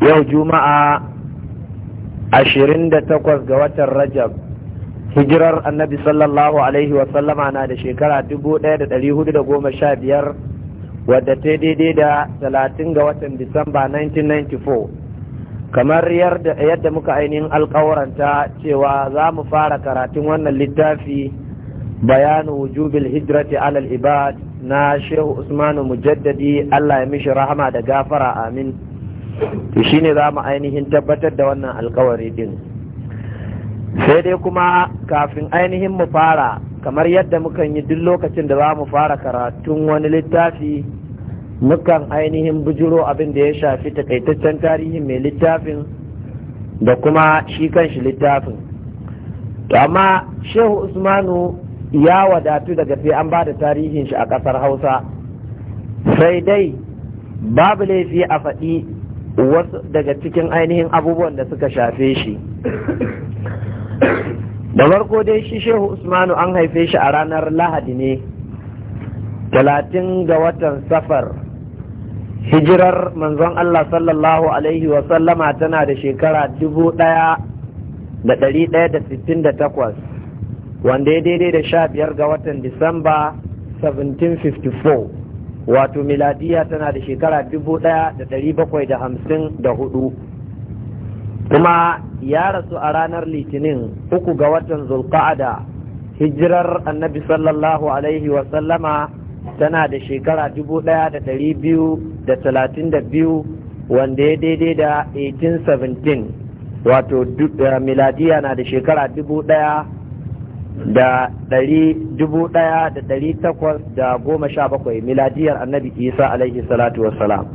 yau juma'a 28 ga watan rajab hijirar annabi sallallahu alaihi wasallama na da shekara 1415 wadda ta daidai da 30 ga watan disamba 1994 kamar yadda muka ainihin alkawaranta cewa za mu fara karatun wannan littafi bayanu wujubil hijrati alal ibad na shehu usmanu mujaddadi allah ya mishi rahama da gafara amin to shine za mu ainihin tabbatar da wannan alkawari din sai dai kuma kafin ainihin mu fara kamar yadda mukan yi duk lokacin da za mu fara karatun wani littafi mukan ainihin bujiro abin da ya shafi takaitaccen tarihin mai littafin da kuma shi kan shi littafin to amma shehu usmanu ya wadatu daga sai an ba da tarihin shi a ƙasar hausa sai dai babu laifi a faɗi wasu daga cikin ainihin abubuwan da suka shafe shi da farko dai shi shehu usmanu an haife shi a ranar lahadi ne talatin ga watan safar hijirar manzon allah sallallahu alaihi wasallama tana da shekara dubu ɗaya da dari ɗaya da sittin da takwas wanda ya daidai da sha biyar ga watan disamba 1754 wato miladiya tana da shekara dubu ɗaya da ɗari bakwai da hamsin da hudu kuma ya rasu a ranar litinin uku ga watan zulqa'ada hijirar annabi sallallahu alaihi wasallama tana da shekara dubu ɗaya da ɗari biyu da talatin da biyu wanda ya daidai da 1817 wato eh, miladiya na da shekara dubu ɗaya da ɗari dubu ɗaya da ɗari takwas da goma sha bakwai miladiyar annabi isa alaihi salatu wassalam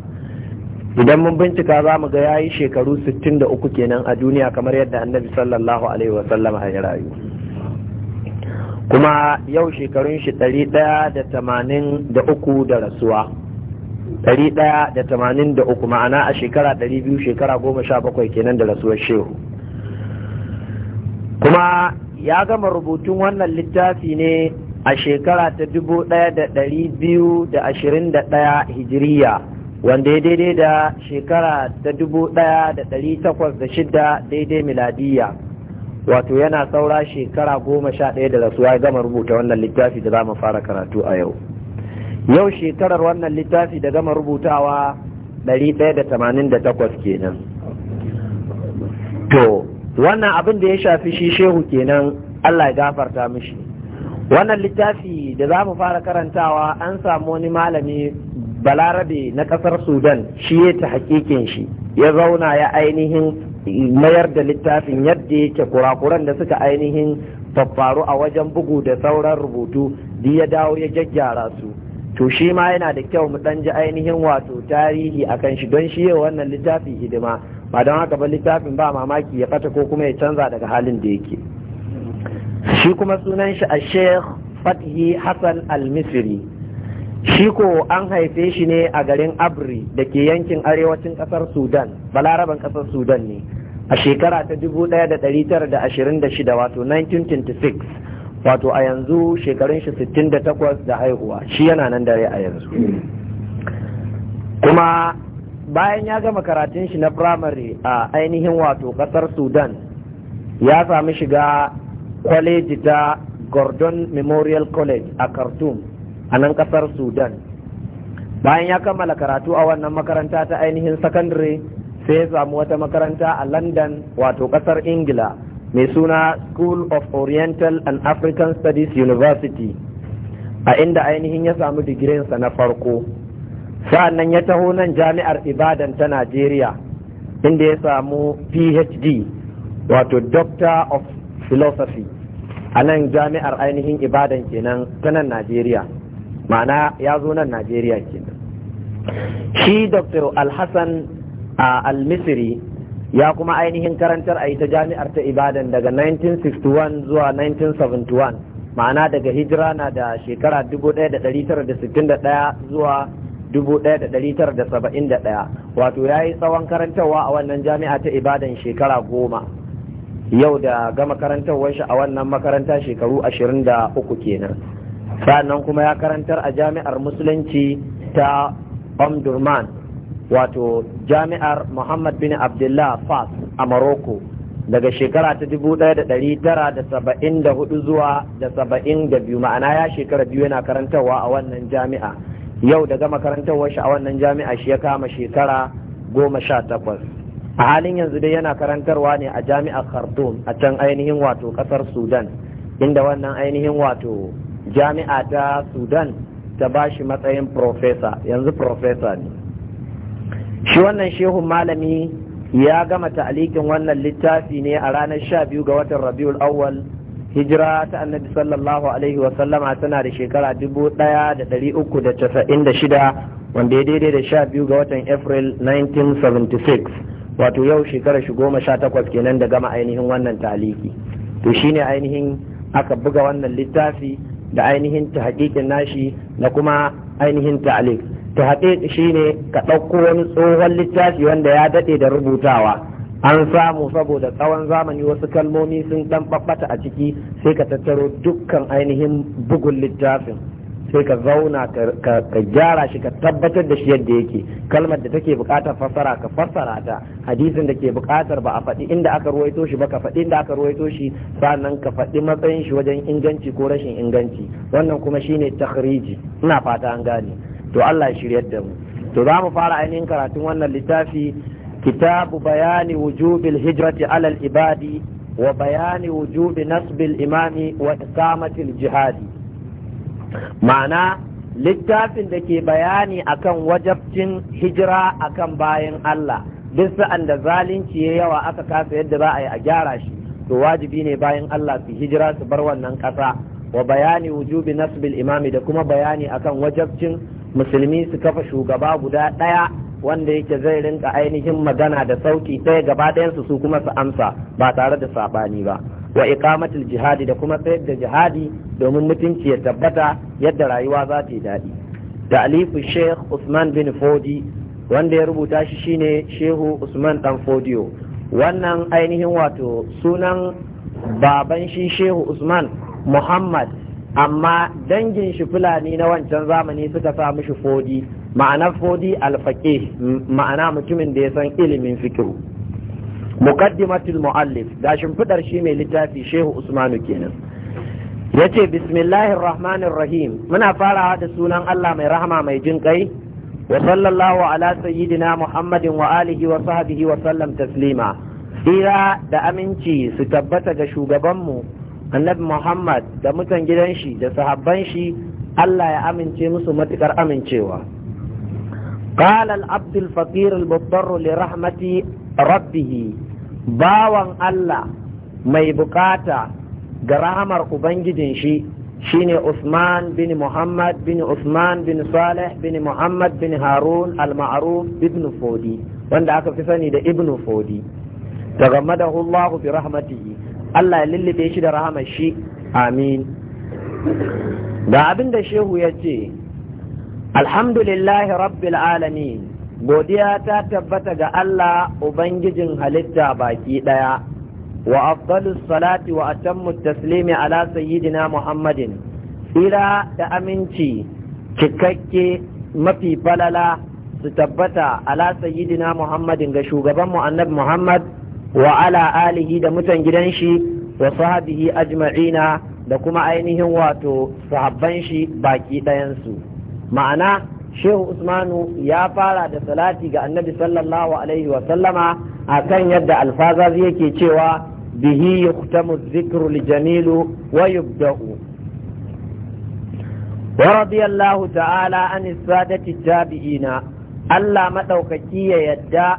idan mun bincika za mu ga ya yi shekaru sittin da uku kenan a duniya kamar yadda annabi sallallahu alaihi wasallam a rayu kuma yau shekarun shi ɗari ɗaya da tamanin da uku da rasuwa ɗari ɗaya da tamanin da uku ma'ana a shekara ɗari biyu shekara goma sha bakwai kenan da rasuwar shehu kuma ya gama rubutun wannan littafi ne a shekara ta dubu ɗaya da ɗari biyu da ashirin da ɗaya hijiriya wanda ya daidai da shekara ta dubu ɗaya da ɗari takwas da shida daidai miladiya wato yana saura shekara goma sha ɗaya da rasuwa ya gama rubuta wannan littafi da za mu fara karatu a yau yau shekarar wannan littafi da gama rubutawa ɗari ɗaya da tamanin da takwas kenan to wannan abin da ya shafi shi shehu kenan Allah ya gafarta mishi wannan littafi da za mu fara karantawa an samu wani malami balarabe na kasar sudan shi ya ta hakikin shi ya zauna ya ainihin mayar da littafin yadda yake kurakuran da suka ainihin faffaru a wajen bugu da sauran rubutu da ya dawo ya gyaggyara su to shi ma yana da kyau mu ɗan ji ainihin wato tarihi kan shi don shi yau wannan littafi hidima ba don haka ba littafin ba mamaki ya fata ko kuma ya canza daga halin da yake shi kuma sunan shi a sheikh fathi hassan al-misri shi ko an haife shi ne a garin abri da ke yankin arewacin ƙasar sudan balaraban ƙasar sudan ne a shekara ta wato 1926 wato a yanzu shekarun shi 68 da haihuwa shi yana nan dare a yanzu kuma bayan ya gama karatun shi na firamare a ainihin wato kasar sudan ya sami shiga kwaleji ta gordon memorial college a khartoum a nan kasar sudan bayan ya kammala karatu a wannan makaranta ta ainihin sakandare sai ya samu wata makaranta a london wato kasar ingila mai suna school of oriental and african studies university a inda ainihin ya samu digirinsa na farko sa'annan ya taho nan jami'ar ibadan ta najeriya inda ya samu phd wato doctor of philosophy a nan jami'ar ainihin ibadan kenan ta nan najeriya ma'ana ya zo nan najeriya kenan shi dr alhassan a al ya kuma ainihin karantar a ita jami'ar ta ibadan daga 1961 zuwa 1971 ma'ana daga hijira na da shekara 1961 zuwa 1971 wato ya yi tsawon karantarwa a wannan jami'a ta ibadan shekara goma yau da gama karantarwar shi a wannan makaranta shekaru 23 kenan sannan kuma ya karantar a jami'ar musulunci ta omdurman wato jami'ar muhammad bin abdullah fas a maroko daga shekara ta 1974 zuwa da 72 ma'ana ya shekara biyu yana karantarwa a wannan jami'a yau daga karantarwa shi a wannan jami'a shi ya kama shekara goma sha takwas a halin yanzu dai yana karantarwa ne a jami'ar khartoum a can ainihin wato kasar sudan inda wannan ainihin wato jami'a ta sudan ta ba shi matsayin profesa yanzu profesa ne shi wannan shehun malami ya gama ta'alikin wannan littafi ne a ranar sha biyu ga watan rabiul awwal hijira ta annabi sallallahu alaihi wa sallama tana da shekara dubu ɗaya da ɗari uku da casa'in da shida wanda ya daidai da sha biyu ga watan april 1976 wato yau shekarar shi goma sha takwas kenan da gama ainihin wannan ta'aliki to shine ainihin aka buga wannan littafi da ainihin ta nashi da kuma ainihin ta'alik ta haɗe shi ne ka ɗauko wani tsohon littafi wanda ya daɗe da rubutawa an samu saboda tsawon zamani wasu kalmomi sun ɗan ɓaɓɓata a ciki sai ka tattaro dukkan ainihin bugun littafin sai ka zauna ka gyara shi ka tabbatar da shi yadda yake kalmar da take buƙatar fassara ka fassara ta hadisin da ke buƙatar ba a faɗi inda aka ruwaito shi ba ka faɗi inda aka ruwaito shi sannan ka faɗi matsayin shi wajen inganci ko rashin inganci wannan kuma shine takhriji ina fata an gane to Allah ya shirya da mu to za mu fara ainihin karatun wannan littafi kitabu bayani wujubil hijrati alal ibadi wa bayani wujubi nasbil imami wa iqamatil jihadi ma'ana littafin da ke bayani akan wajabcin hijira akan bayan Allah duk sa'an da zalunci ya yawa aka kasa yadda za a yi a gyara shi to wajibi ne bayan Allah su hijira su bar wannan ƙasa wa bayani wujubi nasbil imami da kuma bayani akan wajabcin musulmi su kafa shugaba guda ɗaya wanda yake zai rinka ainihin magana da sauki ɗaya gaba ɗayansu su kuma su amsa ba tare da saɓani ba wa iqamatul jihadi da kuma tsayar da jihadi domin mutunci ya tabbata yadda rayuwa za ta yi daɗi alifu sheikh usman bin fodi wanda ya rubuta shi shine shehu usman dan fodio wannan ainihin wato sunan baban shi shehu usman muhammad amma dangin shi fulani na wancan zamani suka sa mishi fodi ma'ana fodi alfaƙe ma'ana mutumin da ya san ilimin fikiru muqaddimatul muallif da shimfidar shi mai littafi shehu usmanu kenan yace bismillahir rahmanir muna farawa da sunan Allah mai rahama mai jin kai wa sallallahu ala sayyidina muhammadin wa alihi wa sahbihi wa sallam taslima ira da aminci su tabbata ga shugabanmu annabi muhammad da mutan gidan shi da sahabban shi allah ya amince musu matukar amincewa قال العبد الفقير المضطر لرحمة rabbihi bawan allah mai bukata ga rahamar ubangijin shi shine Usman bin Muhammad bin Usman bin Saleh bin Muhammad bin Harun al-Ma'ruf ibn Fodi wanda aka fi sani da ibnu Fodi daga Allah bi rahmatihi Allah ya lullube shi da rahamar shi amin ga abin da shehu ya ce alhamdulillahi rabbil alamin godiya ta tabbata ga Allah ubangijin halitta baki daya wa afdalu salati wa atammu taslimi ala sayyidina muhammadin tsira da aminci cikakke mafi falala su tabbata ala sayyidina muhammadin ga shugabanmu annabi muhammad wa ala alihi da mutan gidan shi wa sahabihi ajma'ina da kuma ainihin wato sahabban shi baki ɗayansu ma'ana shehu usmanu ya fara da salati ga annabi sallallahu alaihi wa sallama akan yadda alfazazi yake cewa bihi yuktamu dhikru jamilu wa yubda'u ورضي الله تعالى عن السادة التابعين ألا مدوككي يدى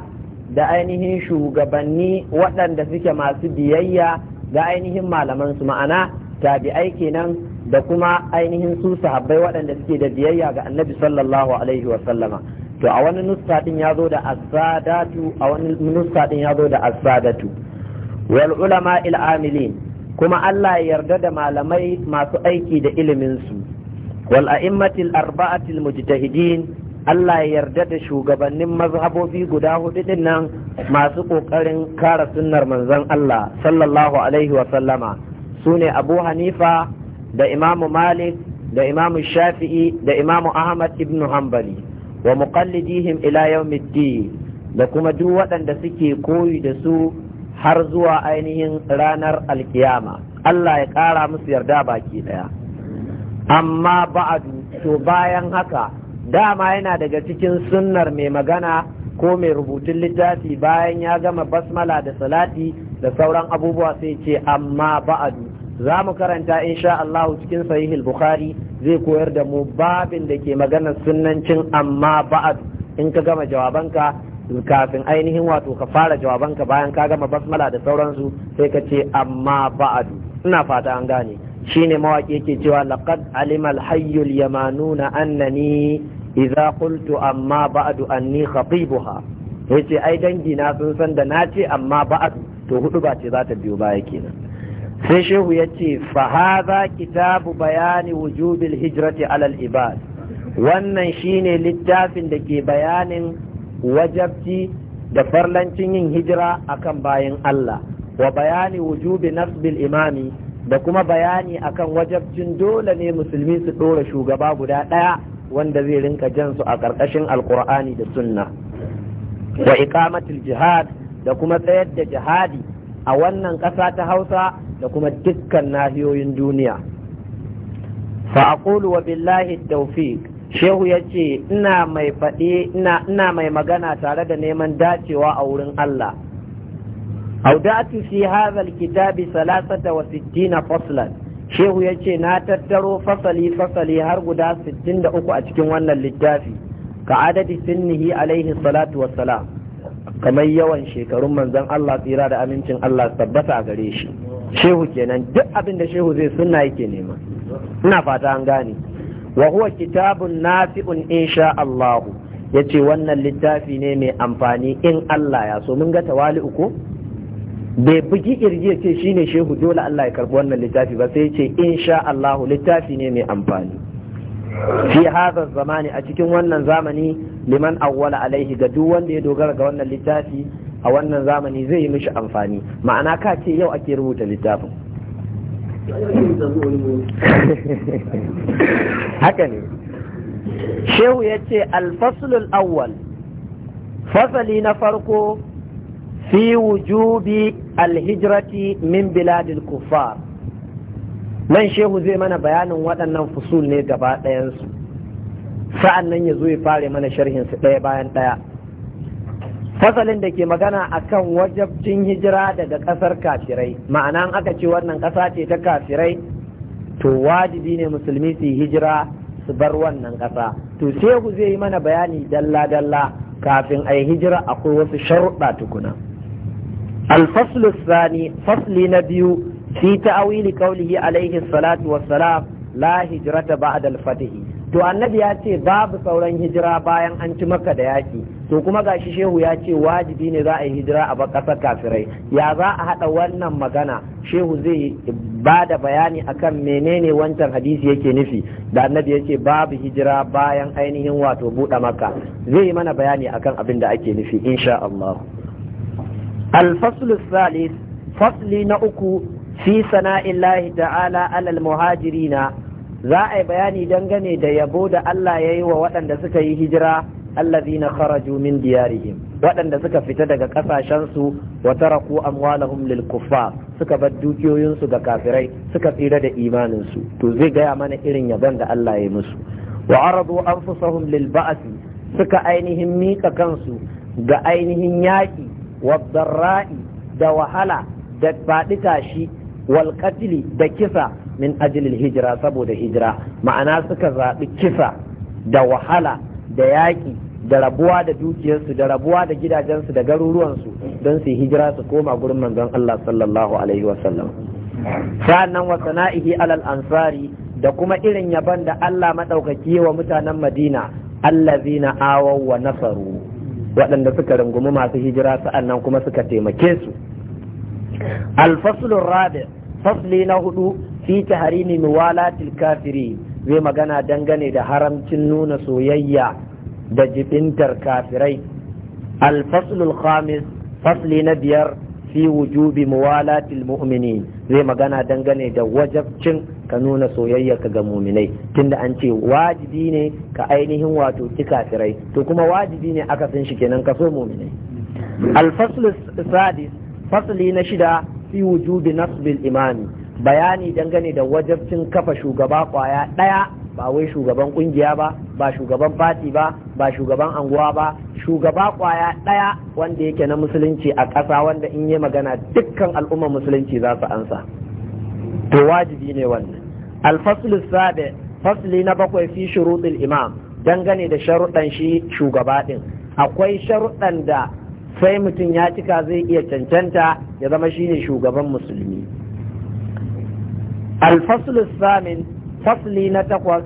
da ainihin shugabanni waɗanda suke masu biyayya ga ainihin malamansu su ma'ana tabi'ai kenan da kuma ainihin su sahabbai waɗanda suke da biyayya ga annabi sallallahu alaihi wa sallama to a wani nuska din ya da asadatu a wani nuska din yazo da asadatu wal ulama il amilin kuma Allah ya yarda da malamai masu aiki da ilimin su wal a'immatil arba'atil mujtahidin Allah ya yarda da shugabannin mazhabobi guda hudu din nan masu ƙoƙarin kara sunnar manzon Allah sallallahu alaihi wa sallama sune Abu Hanifa da Imam Malik da Imam Shafi'i da Imam Ahmad ibn Hanbali wa muqallidihim ila yawmiddin da kuma duk waɗanda suke koyi da su har zuwa ainihin ranar alkiyama Allah ya ƙara musu yarda baki ɗaya amma ba'adu to bayan haka dama yana daga cikin sunnar mai magana ko mai rubutun littafi bayan ya gama basmala da salati da sauran abubuwa sai ce amma ba'adu za mu karanta insha Allah cikin sahihul bukhari zai koyar da mu babin da ke magana sunnancin amma ba'ad in ka gama jawabanka kafin ainihin wato ka fara jawabanka bayan ka gama basmala da sauransu sai ka ce amma ba'adu ina fata an gane shine mawaki yake cewa laqad alimal hayyul yamanuna annani Iza qultu amma ba'du anni khatibuha yace ai dangi na sun san da nace amma ba'du to hudu ba ce za ta biyo baya kenan sai shehu yace fa hadha kitabu bayani wujubil hijrati alal ibad wannan shine littafin da ke bayanin wajabci da farlancin yin hijira akan bayan Allah wa bayani wujubi nasbil imami da kuma bayani akan wajabcin dole ne musulmi su ɗora shugaba guda ɗaya wanda zai rinka jan su a ƙarƙashin alkur'ani da sunna wa iqamatul jihad da kuma tsayar da jihadi a wannan ƙasa ta hausa da kuma dukkan nahiyoyin duniya fa aqulu wa billahi tawfiq shehu ya ce ina mai faɗi ina mai magana tare da neman dacewa a wurin Allah audatu fi hadha alkitabi salasata wa sittina faslan shehu ya ce na tattaro fasali fasali har guda sittin da uku a cikin wannan littafi ka adadi sinnihi alaihi salatu wassalam kamar yawan shekarun manzon Allah tsira da amincin Allah tabbata a gare shi shehu kenan duk abin da shehu zai suna yake nema ina fata an gane wa huwa kitabun nafi'un insha Allah yace wannan littafi ne mai amfani in Allah ya so mun ga tawali'u ko bai bugi irgiya ce ne shehu dole Allah ya karbi wannan littafi ba sai ce insha Allah littafi ne mai amfani fi hadha zamani a cikin wannan zamani liman awwala alaihi ga duk wanda ya dogara ga wannan littafi a wannan zamani zai yi mishi amfani ma'ana ka ce yau ake rubuta littafin haka ne shehu ya ce alfaslul awwal fasali na farko fi wujubi alhijrati min biladil kuffar nan shehu zai mana bayanin waɗannan fusul ne gaba ɗayansu sa'an nan ya zo ya fare mana sharhin su ɗaya bayan ɗaya fasalin da ke magana a kan wajabcin hijira daga ƙasar kafirai ma'ana aka ce wannan ƙasa ce ta kafirai to wajibi ne musulmi su hijira su bar wannan ƙasa to shehu zai yi mana bayani dalla-dalla kafin a yi hijira akwai wasu sharuɗa tukuna. الفصل الثاني فصل نبي في تأويل قوله عليه الصلاة والسلام لا هجرة بعد الفتح to annabi ya ce babu sauran hijira bayan an ci maka da yaki to kuma ga shi shehu ya ce wajibi ne za a yi hijira a ƙasar kafirai ya za a haɗa wannan magana shehu zai ba da bayani akan menene wancan hadisi yake nufi da annabi ya ce babu hijira bayan ainihin wato buɗe maka zai yi mana bayani akan abin da ake nufi insha Allah. الفصل الثالث فصل نأكو في ثناء الله تعالى على المهاجرين za a yi bayani dangane da yabo da Allah ya yi wa waɗanda suka yi hijira allazina kharaju min diyarihim waɗanda suka fita daga ƙasashensu wa taraku amwalahum lil kuffar suka bar dukiyoyinsu ga kafirai suka tsira da imaninsu to zai gaya mana irin yabon da Allah ya musu wa aradu anfusahum lil lilba'asi, suka ainihin mika kansu ga ainihin yaƙi waddarra'i da wahala da faɗi tashi wal da kisa min ajilil hijira saboda hijira ma'ana suka zaɓi kisa da wahala da yaƙi da rabuwa da dukiyarsu da rabuwa da gidajensu da garuruwansu don su hijira su koma gurin manzon Allah sallallahu alaihi wasallam sa'annan wa sana'ihi alal ansari da kuma irin yaban da Allah madaukaki wa mutanen Madina allazina awaw wa nasaru waɗanda suka rungumi masu hijira sa'annan kuma suka taimake su alfaslun rabi fasli na hudu fi taharimi muwalatil kafiri zai magana dangane da haramcin nuna soyayya da jibintar kafirai alfaslun khamis fasli na biyar fi wujubi muwalatil mu'minin zai magana dangane da wajabcin ka nuna soyayyarka ga muminai tunda an ce wajibi ne ka ainihin wato ki kafirai to kuma wajibi ne aka san shi kenan ka so muminai al-fasl sadis fasli na shida fi wujubi nasbil imami bayani dangane da wajabcin kafa shugaba kwaya daya ba wai shugaban kungiya ba ba shugaban fati ba ba shugaban anguwa ba shugaba kwaya ɗaya wanda yake na musulunci a ƙasa wanda in yi magana dukkan al'ummar musulunci za su ansa to wajibi ne wannan alfaslu Sabe fasli na bakwai fi shuruɗin imam dangane da sharuɗan shi shugaba ɗin akwai sharuɗan da sai mutum ya cika zai iya cancanta ya zama shine shugaban musulmi alfaslu samin fasli na takwas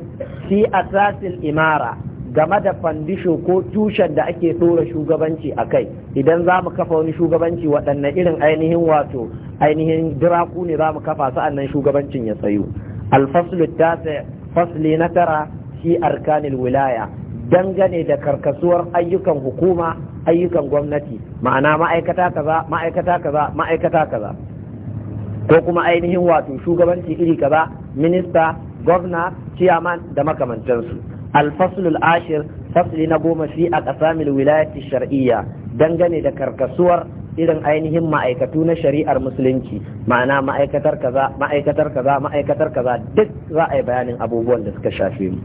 fi asasil imara game da fandisho ko tushen da ake ɗora shugabanci a kai idan za mu kafa wani shugabanci waɗanne irin ainihin wato ainihin diraku ne za mu kafa sa'annan shugabancin ya tsayu alfaslu tasa fasli na tara fi arkanil wilaya dangane da karkasuwar ayyukan hukuma ayyukan gwamnati ma'ana ma'aikata kaza ma'aikata kaza ma'aikata kaza ko kuma ainihin wato shugabanci iri kaza minista gwamna ciyaman da makamantansu alfaslul ashir fasli na goma fi a kasamil wilayati shar'iyya dangane da karkasuwar irin ainihin ma'aikatu na shari'ar musulunci ma'ana ma'aikatar kaza ma'aikatar kaza ma'aikatar kaza duk za a yi bayanin abubuwan da suka shafe mu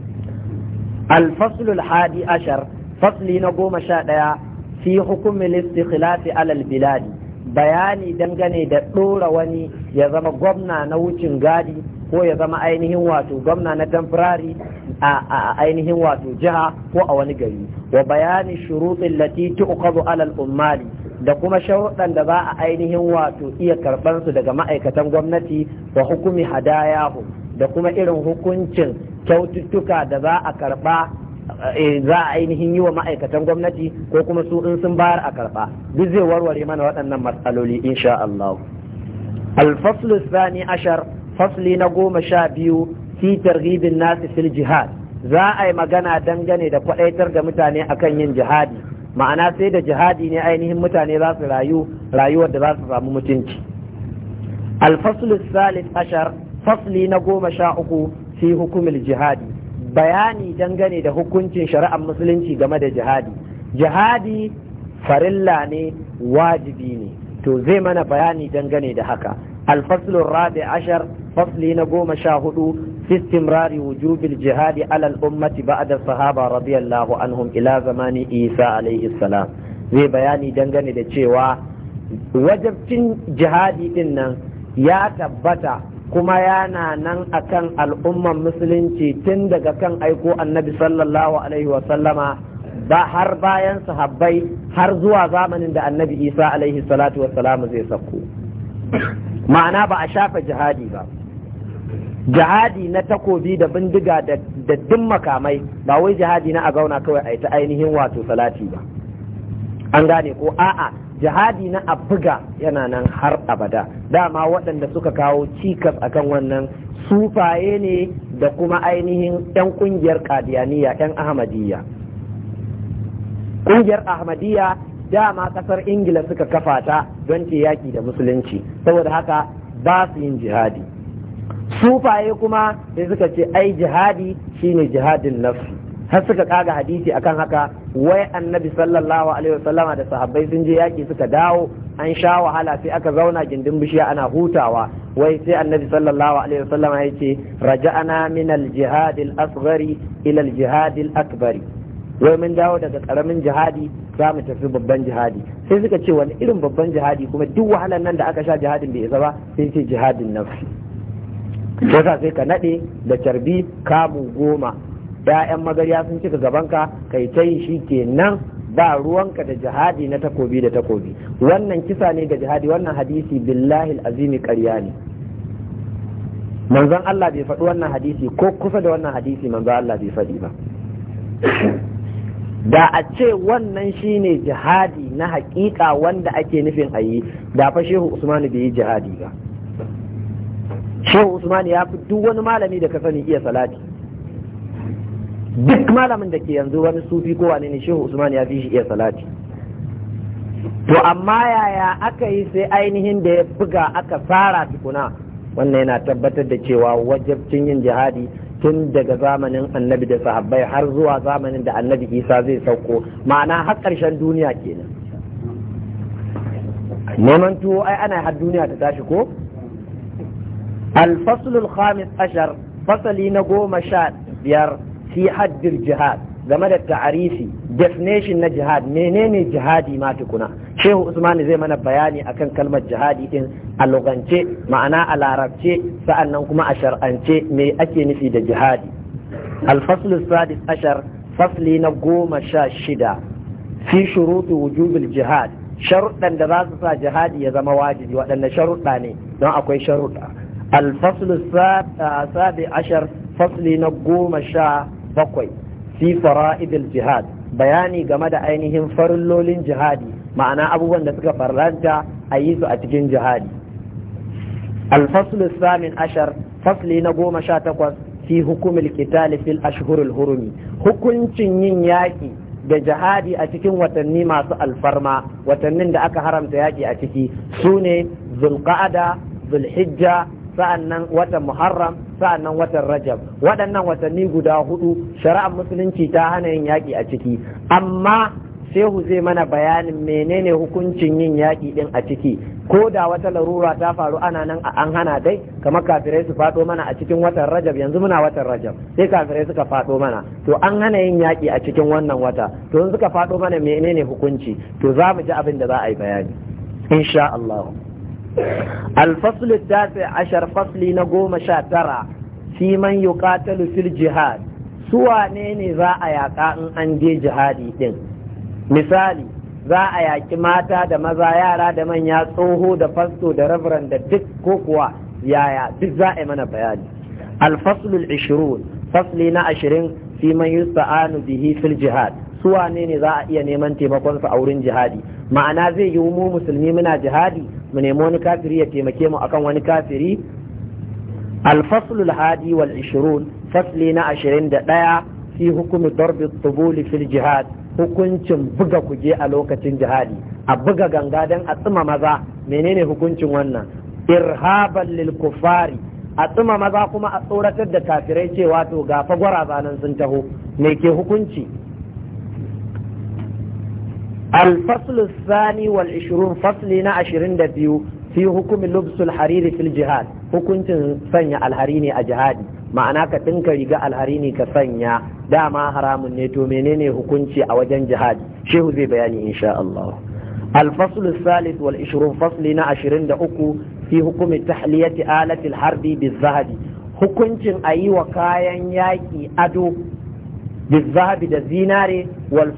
alfaslul hadi ashar fasli na goma sha ɗaya fi hukumin istikhlafi alal biladi bayani dangane da ɗora wani ya zama gwamna na wucin gadi ko ya zama ainihin wato gwamna na tamfirari a ainihin wato jiha ko a wani gari wa bayani shurutin lati tuqadu alal ummali da kuma sharuɗan da za a ainihin wato iya karɓar su daga ma'aikatan gwamnati wa hukumi hadayahu da kuma irin hukuncin kyaututtuka da za a karɓa eh, za a ainihin yi wa ma'aikatan gwamnati ko kuma su in sun bayar a karɓa duk zai warware mana waɗannan matsaloli insha Allah. الفصل الثاني ashar. fasli na goma sha biyu fi targhibin nasi fil jihad za a yi magana dangane da kwadaitar da mutane akan yin jihadi ma'ana sai da jihadi ne ainihin mutane za su rayu rayuwar da za su samu mutunci alfasul salis ashar fasli na goma sha uku fi hukumil jihadi bayani dangane da hukuncin shari'ar musulunci game da jihadi jihadi farilla ne wajibi ne to zai mana bayani dangane da haka alfaslun rabi ashar fasli na goma sha hudu rari wujubil jihadi alal ummati da sahaba radiyallahu anhum ila zamani isa alaihi salam zai bayani dangane da cewa wajabcin jihadi din nan ya tabbata kuma yana nan akan al'umman musulunci tun daga kan aiko annabi sallallahu alaihi sallama ba har bayan sahabbai har zuwa zamanin da annabi isa alaihi salatu salamu zai sauko ma'ana ba a shafa jihadi ba jihadi na takobi da bindiga da duk makamai ba wai jihadi na a gauna kawai a yi ta ainihin wato salati ba an gane ko a'a jihadi na a buga yana nan har abada dama waɗanda suka kawo cikas akan wannan sufaye ne da kuma ainihin 'yan ƙungiyar kadiyaniya 'yan ahmadiyya ƙungiyar ahmadiyya dama ƙasar ingila suka kafa ta don ke yaƙi da musulunci saboda haka ba su yin jihadi sufaye kuma sai suka ce ai jihadi shine jihadin nafsi har suka kaga hadisi akan haka wai annabi sallallahu alaihi wasallama da sahabbai sun je yaki suka dawo an sha wahala sai aka zauna gindin bishiya ana hutawa wai sai annabi sallallahu alaihi wasallama ya ce raja'ana min al-jihad al-asghari ila al-jihad al-akbari wai mun dawo daga karamin jihadi za mu tafi babban jihadi sai suka ce wani irin babban jihadi kuma duk wahalar nan da aka sha jihadin bai isa ba sai ce jihadin nafsi yasa sai ka naɗe da carbi kamu goma ‘ya'yan magarya sun cika gabanka kai ta yi shi kenan ba ruwanka da jihadi na takobi da takobi wannan kisa ne ga jihadi wannan hadisi billahi azimi ƙarya ne manzon Allah bai faɗi wannan hadisi ko kusa da wannan hadisi manzon Allah bai faɗi ba da a ce wannan shine jihadi na haƙiƙa wanda ake nufin ayi da fa shehu Usmanu bai yi jihadi ba shehu usman ya fi duk wani malami da ka sani iya salati duk malamin da ke yanzu wani sufi ko wani ne shehu usman ya fi shi iya salati to amma yaya aka yi sai ainihin da ya buga aka fara tukuna wannan yana tabbatar da cewa wajabcin yin jihadi tun daga zamanin annabi da sahabbai har zuwa zamanin da annabi isa zai sauko ma'ana har ƙarshen duniya kenan neman tuwo ai ana har duniya ta tashi ko الفصل الخامس عشر فصل نقوم شاد بير في حد jihad game da ta'arifi definition na jihad menene jihadi ma tukuna shehu usmani zai mana bayani akan kalmar jihadi din a lugance ma'ana a larabce sa'annan kuma a shar'ance me ake nufi da jihadi alfaslu sadi ashar fasli na goma sha shida fi shurutu wujubil jihad sharuɗan da za su sa jihadi ya zama wajibi waɗanne sharuɗa ne don akwai sharuɗa الفصل السابع عشر فصل نقوم الشاع بقوي في فرائد الجهاد bayani game da ainihin farin lolin jihadi ma'ana abubuwan da suka farlanta a yi su a cikin jihadi alfaslu samin ashar fasli na goma sha takwas fi hukumil kitali fil hurumi hukuncin yin yaƙi da jihadi a cikin watanni masu alfarma watannin da aka haramta yaƙi a ciki sune ne zulƙa'ada zulhijja nan watan muharram sa'annan watan rajab waɗannan watanni guda hudu shari'ar musulunci ta hana yin yaƙi a ciki amma shehu zai mana bayanin menene hukuncin yin yaƙi ɗin a ciki ko da wata larura ta faru ana nan an hana dai kamar kafirai su faɗo mana a cikin watan rajab yanzu muna watan rajab sai kafirai suka faɗo mana to an hana yin yaƙi a cikin wannan wata to in suka faɗo mana menene hukunci to za mu ji abin da za a yi bayani insha Allah الفصل التاسع عشر فصل نقوم شاترا في من يقاتل في الجهاد سوى نيني ذا أياكا أنجي جهادي دين مثالي za a yaki mata da maza yara da manya tsoho da fasto da rabran da duk ko kuwa yaya duk za a yi mana bayani alfaslul ishirun fasli na ashirin fi man yusta'anu bihi fil jihad su wane ne za a iya neman taimakon su a wurin jihadi ma'ana zai yi mu musulmi muna jihadi mu nemi wani kafiri ya taimake mu akan wani kafiri الفصل الهادي والعشرون فصلنا عشرين دقايا في حكم ضرب الطبول في jihad hukuncin buga kuje a lokacin jihadi a buga ganga don a tsima maza menene hukuncin wannan irhaban lil kufari a tsima maza kuma a tsoratar da kafirai cewa to ga fagwara zanen sun taho me ke hukunci الفصل الثاني والعشرون فصلنا عشرين دبيو في حكم لبس الحرير في الجهاد hukuncin sanya alhari ne a jihadi ma'ana ka tinka riga alhari ne ka sanya dama haramun ne to menene hukunci a wajen jihadi shehu zai bayani insha Allah الفصل الثالث والعشرون فصلنا عشرين دقو في حكم تحلية آلة الحرب بالذهب hukuncin a yi wa kayan yaƙi ado bizahabi da zinare wal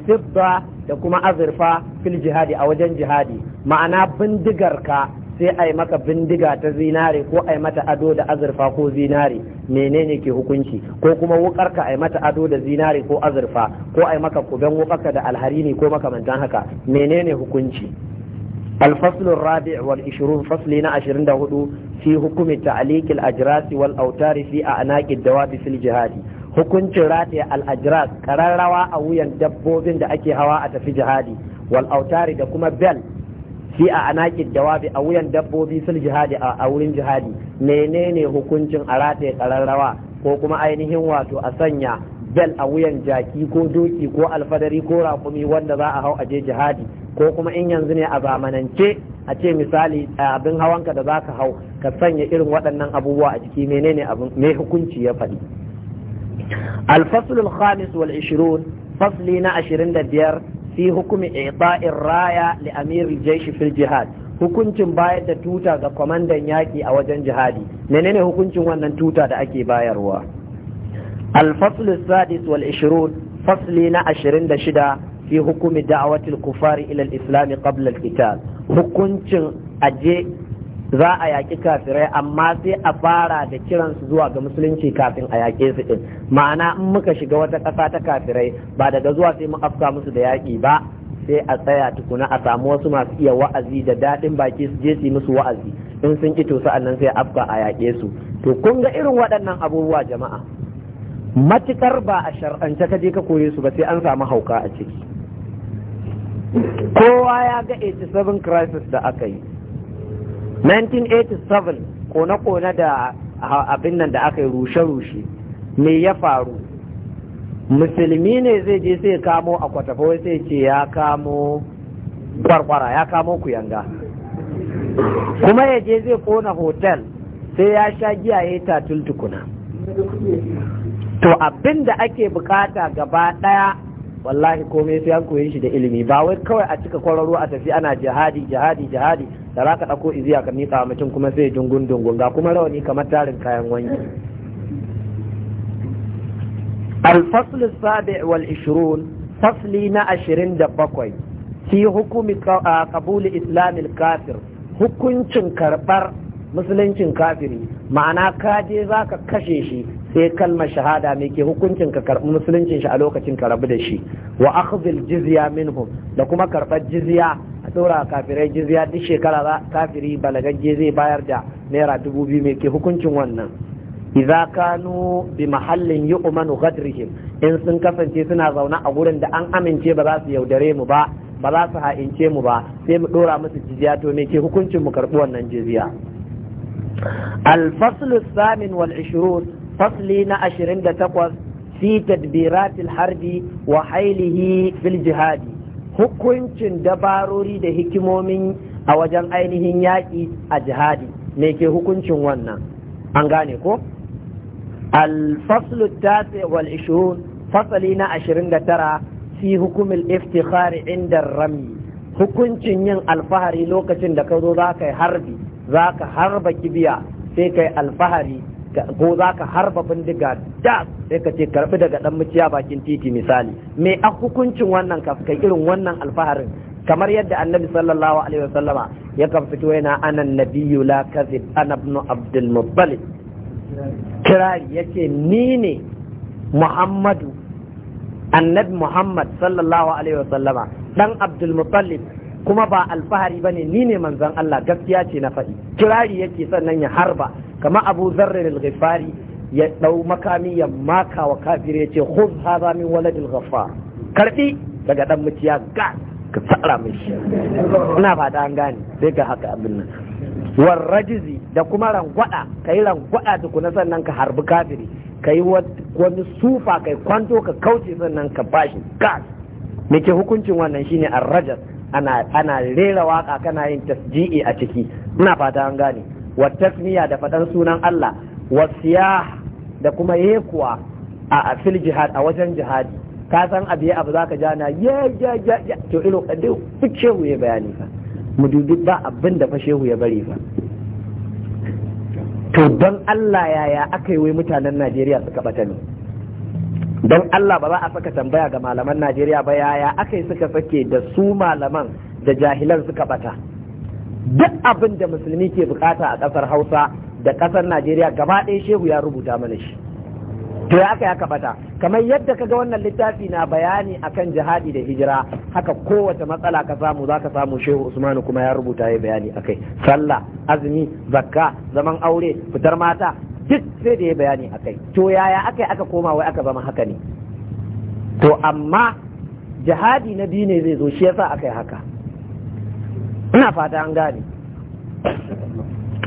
da kuma azurfa fil jihadi a wajen jihadi ma'ana bindigar ka sai a yi maka bindiga ta zinare ko a yi mata ado da azurfa ko zinare menene ke hukunci ko kuma wukarka ai a yi mata ado da zinare ko azurfa ko a yi maka kuben wukar da alharini ko makamantan haka menene hukunci الفصل الرابع والعشرون فصلنا عشرين دهدو في حكم تعليق الأجراس والأوتار في أعناق الدواب في الجهاد حكم راتي الأجراس قرروا أويا دبوبين دا أكي هواء في جهادي والأوتار دا كما بل في أعناق الدواب أويا دبوبي في الجهاد أولين جهادي منين حكم راتي قرروا ko kuma ainihin wato a sanya bel a wuyan jaki ko doki ko alfadari ko rakumi wanda za a hau a je jihadi ko kuma in yanzu ne a zamanance a ce misali abin hawanka da za ka hau ka sanya irin waɗannan abubuwa a jiki menene abin mai hukunci ya faɗi wal الفصل الخامس والعشرون فصلنا عشرين دبير في حكم raya li لأمير jaishi fil jihad hukuncin bayar da tuta ga kwamandan yaƙi a wajen jihadi menene hukuncin wannan tuta da ake bayarwa الفصل السادس والعشرون فصل عشرين دشدا في حكم دعوة الكفار إلى الإسلام قبل القتال حكم أجي za a yaƙi kafirai amma sai a fara da kiransu zuwa ga musulunci kafin a yaƙe su ɗin ma'ana in muka shiga wata ƙasa ta kafirai ba daga zuwa sai mu afka musu da yaƙi ba sai a tsaya tukuna a samu wasu masu iya wa'azi da daɗin baki su je su musu wa'azi in sun ito sannan sai afka a yaƙe su to kun ga irin waɗannan abubuwa jama'a matukar ba a shar'ance ka je ka koye su ba sai an samu hauka a ciki kowa ya ga 87 crisis da aka yi 1987 kone-kone da abin nan da aka yi rushe-rushe me ya faru musulmi ne zai je sai kamo a kwatafa sai ce ya kamo kwarkwara ya kamo ku yanga, kuma ya je zai kona hotel sai ya sha giyaye ya tatul tukuna to abin da ake bukata gaba ɗaya wallahi komai sai an koyi shi da ilimi ba wai kawai a cika kwararo a tafi ana jihadi jihadi jihadi da za ka ɗauko iziya ka miƙa mutum kuma sai dungun dungun ga kuma rawani kamar tarin kayan wanki الفصل السابع والعشرون فصلنا عشرين دبقوي في حكم قبول إسلام kafir, hukuncin karɓar musuluncin kafiri ma'ana ka je kashe shi sai kalmar shahada mai ke hukuncin ka karɓi musuluncin shi a lokacin ka rabu da shi wa akhdhil jizya minhum da kuma karɓar jizya a ɗora kafirai jizya duk shekara za kafiri balagagge zai bayar da naira dubu biyu mai ke hukuncin wannan idza kanu bi mahallin yu'manu ghadrihim in sun kasance suna zaune a gurin da an amince ba za su yaudare mu ba ba za su ha'ince mu ba sai mu dora musu jizya to me ke hukuncin mu karɓi wannan jizya al-faslu wal 20 fasli na ashirin da takwas fi tadbiratil harbi wa hailihi fil jihadi hukuncin dabarori da hikimomin a wajen ainihin yaƙi a jihadi me ke hukuncin wannan an gane ko alfaslu tasi wal ishirun fasali na ashirin da tara fi hukumil iftikhari inda rami hukuncin yin alfahari lokacin da ka zo za ka yi harbi za ka harba kibiya sai ka yi alfahari ko za ka harba bindiga da sai ka ce karbi daga dan muciya bakin titi misali me a hukuncin wannan ka irin wannan alfaharin kamar yadda annabi sallallahu alaihi wasallama ya kan fito yana anan nabiyyu la kadhib ana ibn abdul muttalib kirari yace ni ne muhammadu annabi muhammad sallallahu alaihi wasallama dan abdul muttalib kuma ba alfahari bane ni ne manzon Allah gaskiya ce na faɗi kirari yake sannan ya harba kama abu zarrin al-ghifari ya dau makami ya maka wa kafire ce khudh hadha min waladil ghaffar karbi daga dan mutiya ga ka tsara mishi ina fata an gane sai ga haka abin nan war rajizi da kuma rangwada kai rangwada tukuna sannan ka harbi kafiri kai wani sufa kai kwanto ka kauce sannan ka bashi gas me ke hukuncin wannan shine ar-rajaz ana ana rera waka kana yin tasji'i a ciki ina fata an gane wa tasmiya da faɗar sunan Allah wa siyah da kuma yekuwa a fil jihad a wajen jihadi ka san abu ya abu zaka jana ya ya ya ya to ilo kadu eh, duk shehu ya bayani fa mu dubi ba abin da fa shehu ya bari fa to don Allah yaya aka yi wai mutanen Najeriya suka bata ne don Allah ba za a saka tambaya ga malaman Najeriya ba yaya aka yi suka sake da su malaman da jahilan suka bata duk abin da musulmi ke bukata a kasar hausa da kasar najeriya gaba ɗaya shehu ya rubuta mana shi to ya aka ya kabata kamar yadda kaga wannan littafi na bayani akan jihadi da hijira haka kowace matsala ka samu za ka samu shehu usmanu kuma ya rubuta ya bayani akai sallah azumi zakka zaman aure fitar mata duk sai da ya bayani akai to yaya akai aka koma wai aka zama haka ne to amma jihadi na biyu ne zai zo shi yasa akai haka ina fata an gane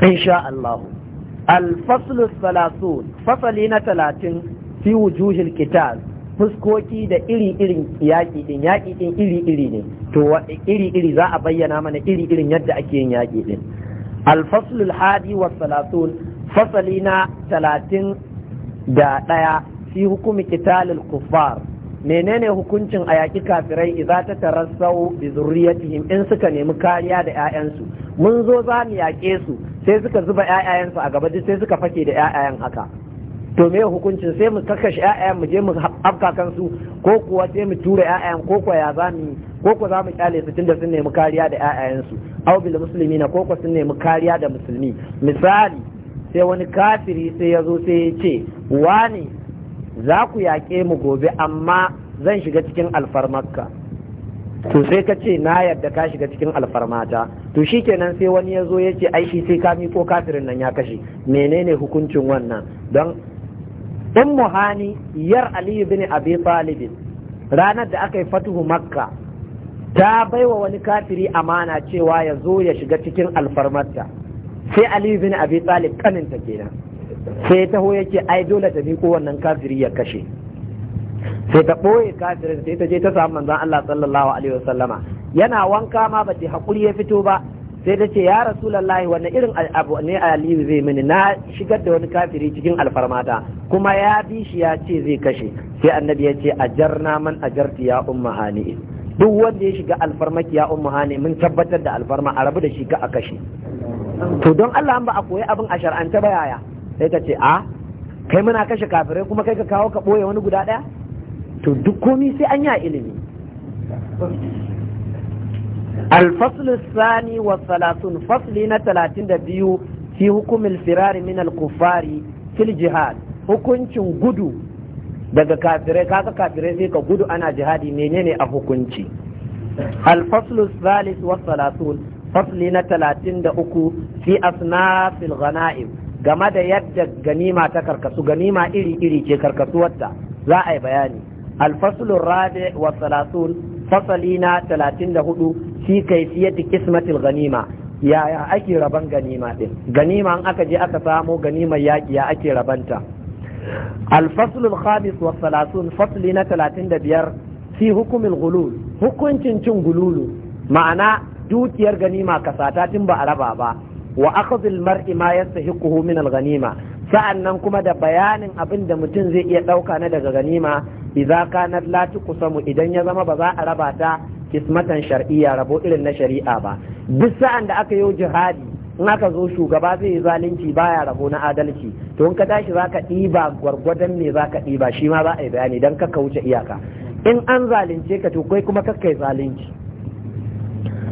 insha Allah alfaslu salasun fasali na talatin fi wujuhil kitab fuskoki da iri-irin yaƙi din yaƙi din iri-iri ne to iri-iri za a bayyana mana iri-irin yadda ake yin yaƙi din alfaslul hadi wa fasali na talatin da ɗaya fi hukumi kitalil kuffar menene hukuncin a yaƙi kafirai idza ta tarassau bi zurriyatihim in suka nemi kariya da ƴaƴansu mun zo za mu yaƙe su sai suka zuba ƴaƴayensu a gaba duk sai suka fake da ƴaƴan haka to me hukuncin sai mu kakkashe ƴaƴan mu je mu afka kansu ko kuwa sai mu tura ƴaƴan ko kuwa ya za mu ko kuwa za mu kyale su tunda sun nemi kariya da ƴaƴayensu aw bil muslimina ko kuwa sun nemi kariya da musulmi misali sai wani kafiri sai ya zo sai ya ce wani za ku yaƙe mu gobe amma zan shiga cikin alfarmarka to sai ka ce na yarda ka shiga cikin alfarmata to shi kenan sai wani ya zo ya ce aishi sai ka miƙo kafirin nan ya kashe menene hukuncin wannan don in muhani yar aliyu bin abi talibin ranar da aka yi fatuhu makka ta baiwa wani kafiri amana cewa ya zo ya shiga cikin alfarmata sai aliyu bin abi talib kaninta kenan sai taho yake ai dole ta bi wannan kafiri ya kashe sai ta ɓoye kafirin sai ta je ta samu manzon Allah sallallahu alaihi wasallama yana wanka ma ba ta hakuri ya fito ba sai ta ce ya rasulullahi wanne irin abu ne aliyu zai mini na shigar da wani kafiri cikin alfarmata kuma ya bi shi ya ce zai kashe sai annabi ya ce ajarna man ajarti ya umma hani duk wanda ya shiga alfarmaki ya umma hani mun tabbatar da alfarma a rabu da shi ka a kashe to don Allah an ba a koyi abin a shar'anta ba yaya sai ka ce a ah, kai muna kashe kafirai kuma kai ka kawo ka ya wani guda ɗaya to duk komi sai an yi ilimi الفصل الثاني والثلاثون فصل ثلاثين دبيو في حكم الفرار من الكفار في الجهاد hukuncin gudu daga kafirai kaga kafirai sai ka gudu ana jihadi menene a hukunci alfaslu salis wa fasli na talatin da uku fi asnafil ghana'im game da yadda ganima ta karkasu ganima iri-iri ce karkasuwarta za a yi bayani alfasulun rabe wa fasali na talatin da hudu fi kaifiyati kismatil ganima yaya ake raban ganima din ganima an aka je aka samo ganimar yaƙi ya ake rabanta alfasulun khamis wa fasali na talatin da biyar fi hukumin gulul hukuncin cin gululu ma'ana dukiyar ganima kasata tun ba a raba ba wa akhdh al-mar'i ma yastahiquhu min al-ghanima sa'annan kuma da bayanin abin da mutum zai iya dauka na daga ganima idza kana la tuqsamu idan ya zama ba za a raba ta kismatan shar'iyya rabo irin na shari'a ba duk sa'an da aka yi jihadi in aka zo shugaba zai yi zalunci baya rabo na adalci to in ka tashi zaka ɗiba gwargwadon me zaka ɗiba shi ma za a yi bayani dan ka wuce iyaka in an zalunce ka to kai kuma kakkai zalunci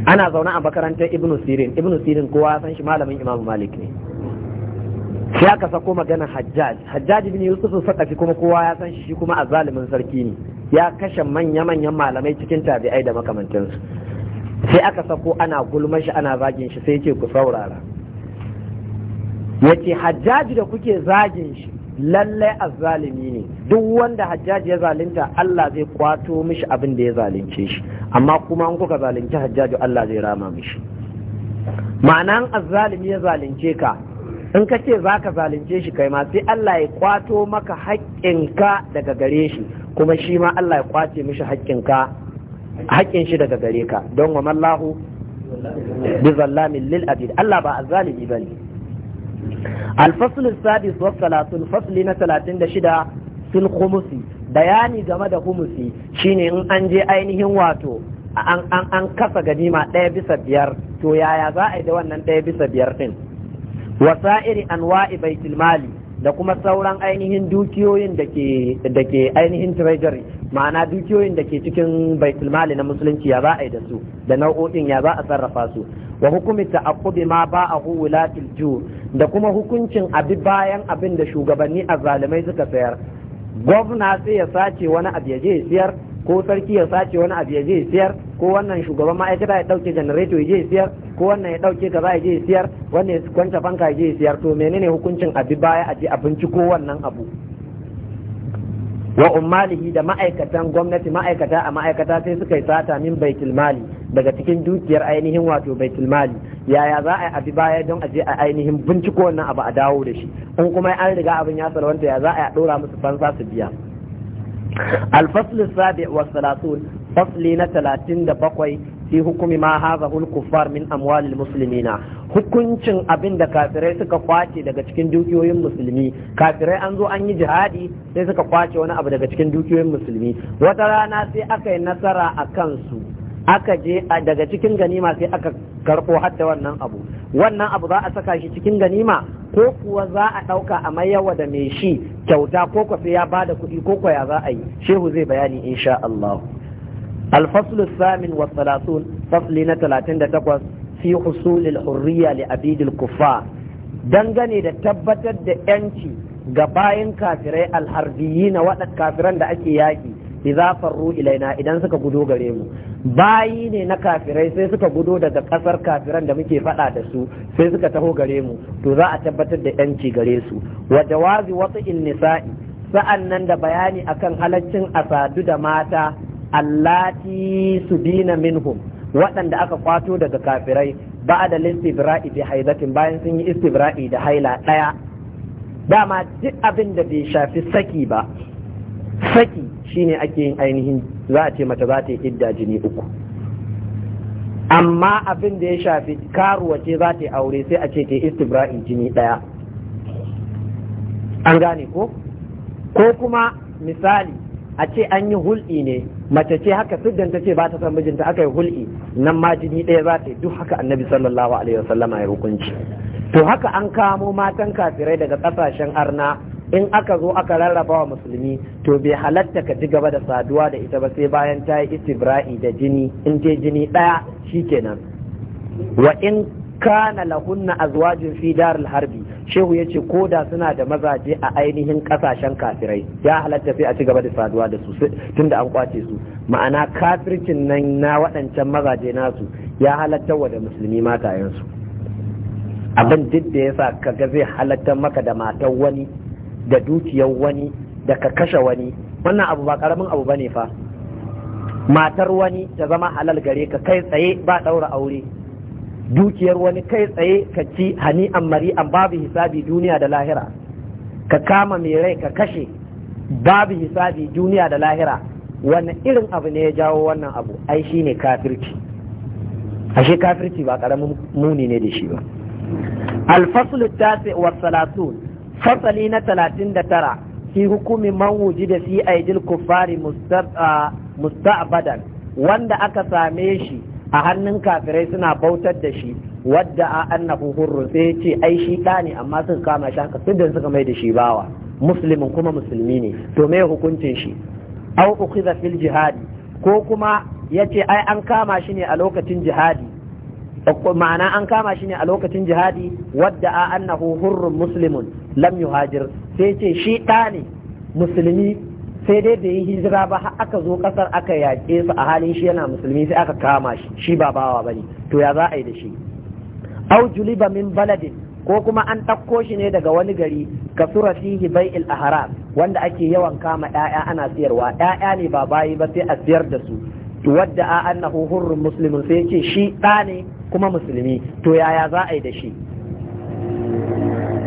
ana zaune a makarantar ibnu sirin ibnu sirin kowa san shi malamin imamu malik ne sai aka sako magana hajjaj hajjaj ibn yusuf sakafi kuma kowa ya san shi kuma azalimin sarki ne ya kashe manya manyan malamai cikin tabi'ai da makamantansu sai aka sako ana gulma shi ana zagin shi sai ce ku saurara yace Hajjaji da kuke zagin shi lallai azzalimi ne duk wanda hajjaji ya zalunta Allah zai kwato mishi abin da ya zalunce shi amma kuma an kuka zalunci hajjaji Allah zai rama mishi ma'anan azzalimi ya zalunce ka in ka ce za ka zalunce shi kai ma sai Allah ya kwato maka haƙƙinka daga gare shi kuma shi ma Allah ya kwace mishi haƙƙinka haƙƙin shi daga gare ka don wa mallahu bi zallamin lil Allah ba azzalimi bane الفصل السادس والثلاثون فصل نتلاتين دا شدا في الخمس bayani game da humusi shine in an je ainihin wato an kasa ganima ɗaya bisa biyar to yaya za a yi da wannan ɗaya bisa biyar ɗin wasa'iri anwa'i baitul mali da kuma sauran ainihin dukiyoyin da ke ainihin treasury ma'ana dukiyoyin da ke cikin baitulmali na musulunci ya za a yi da su da nau'o'in ya za a sarrafa su wa hukumi ta ma ba ba'ahu wulatil ju da kuma hukuncin abi bayan abin da shugabanni azzalumai suka sayar gwamna sai ya sace wani abu ya je ya siyar ko sarki ya sace wani abu ya je siyar ko wannan shugaban ma'aikata ya dauke janareto ya je siyar ko wannan ya dauke kaza ya je siyar wannan ya kwanta fanka ya je siyar to menene hukuncin abi baya a je abinci ko wannan abu wa ummalihi da ma'aikatan gwamnati ma'aikata a ma'aikata sai suka yi sata min baitul mali daga cikin dukiyar ainihin wato baitul mali yaya za a abi baya don a je a ainihin binciko wannan abu a dawo da shi in kuma an riga abin ya salwanta ya za a dora musu fansa su biya الفصل السابع والثلاثون فصلنا ثلاثين دبقوي في حكم ما هذا الكفار من أموال المسلمين hukuncin abin da kafirai suka kwace daga cikin dukiyoyin musulmi kafirai an zo an yi jihadi sai suka kwace wani abu daga cikin dukiyoyin musulmi wata rana sai aka yi nasara a kansu aka je daga cikin ganima sai aka karɓo hatta wannan abu wannan abu za a saka shi cikin ganima ko kuwa za a ɗauka a mayawa da mai shi kyauta ko kwa sai ya ba da kuɗi ko kwa ya za a yi shehu zai bayani insha Allah alfaslu samin wa na talatin da takwas fi husulil hurriya li abidil kufa dangane da tabbatar da yanci ga bayan kafirai alharbiyi na waɗanda kafiran da ake yaƙi idza farru ilaina idan suka gudo gare mu bayi ne na kafirai sai suka gudo daga kasar kafiran da muke fada da su sai suka taho gare mu to za a tabbatar da yanci gare su wa jawazi wata'in nisa'i sa'an nan da bayani akan halaccin asadu da mata allati subina minhum waɗanda aka kwato daga kafirai ba da listibra'i bi haidatin bayan sun yi istibra'i da haila ɗaya dama duk abin da bai shafi saki ba saki shine ake yin ainihin za a ce mata za ta yi idda jini uku amma abin da ya shafi karuwa ce za ta yi aure sai a ce ta istibra'i jini ɗaya an gane ko ko kuma misali a ce an yi hul'i ne mace ce haka siddan ta ce ba ta san mijinta aka yi hul'i nan ma jini ɗaya za ta yi duk haka annabi sallallahu alaihi wasallama ya hukunci to haka an kamo matan kafirai daga ƙasashen arna in aka zo aka rarraba wa musulmi to bai halatta ka ji gaba da saduwa da ita ba sai bayan ta yi istibra'i da jini in ta jini ɗaya shikenan wa in kana lahunna azwajin fi darul harbi shehu ya ce ko da suna da mazaje a ainihin kasashen kafirai ya halatta sai a ci gaba da saduwa da su tunda an kwace su ma'ana kafircin nan na waɗancan mazaje nasu ya halatta wa da musulmi matayensu abin duk da yasa kaga zai halatta maka da matan wani da dukiyar wani da ka kashe wani wannan abu ba karamin abu bane fa matar wani ta zama halal gare ka kai tsaye ba ɗaura aure dukiyar wani kai tsaye ka ci hani an mari an babu hisabi duniya da lahira ka kama mai rai ka kashe babu hisabi duniya da lahira Wannan irin abu ne ya jawo wannan abu ai shine kafirci ashe kafirci ba karamin muni ne da shi ba الفصل التاسع fasali na talatin da tara fi hukumin man da fi aidil kufari musta'badan wanda aka same shi a hannun kafirai suna bautar da shi wadda a annahu hurrun sai ya ce ai shi ɗa ne amma suka kama shi haka siddan suka mai da shi bawa musulmin kuma musulmi ne to me hukuncin shi au ukhidha fil jihadi ko kuma yace ai an kama shi ne a lokacin jihadi ma'ana an kama shi ne a lokacin jihadi wadda a annahu hurrun muslimun lam yuhajir sai ce shi ɗa ne musulmi sai dai da yi hijira ba har aka zo ƙasar aka yaƙe su a halin shi yana musulmi sai aka kama shi shi ba bawa bane to ya za a yi da shi au juliba min baladin ko kuma an ɗauko shi ne daga wani gari ka sura fihi bai'il ahram wanda ake yawan kama ɗaya ana siyarwa Ɗaya ne ba bayi ba sai a siyar da su wadda a annahu hurrun sai ce shi ɗa ne kuma musulmi to yaya za a yi da shi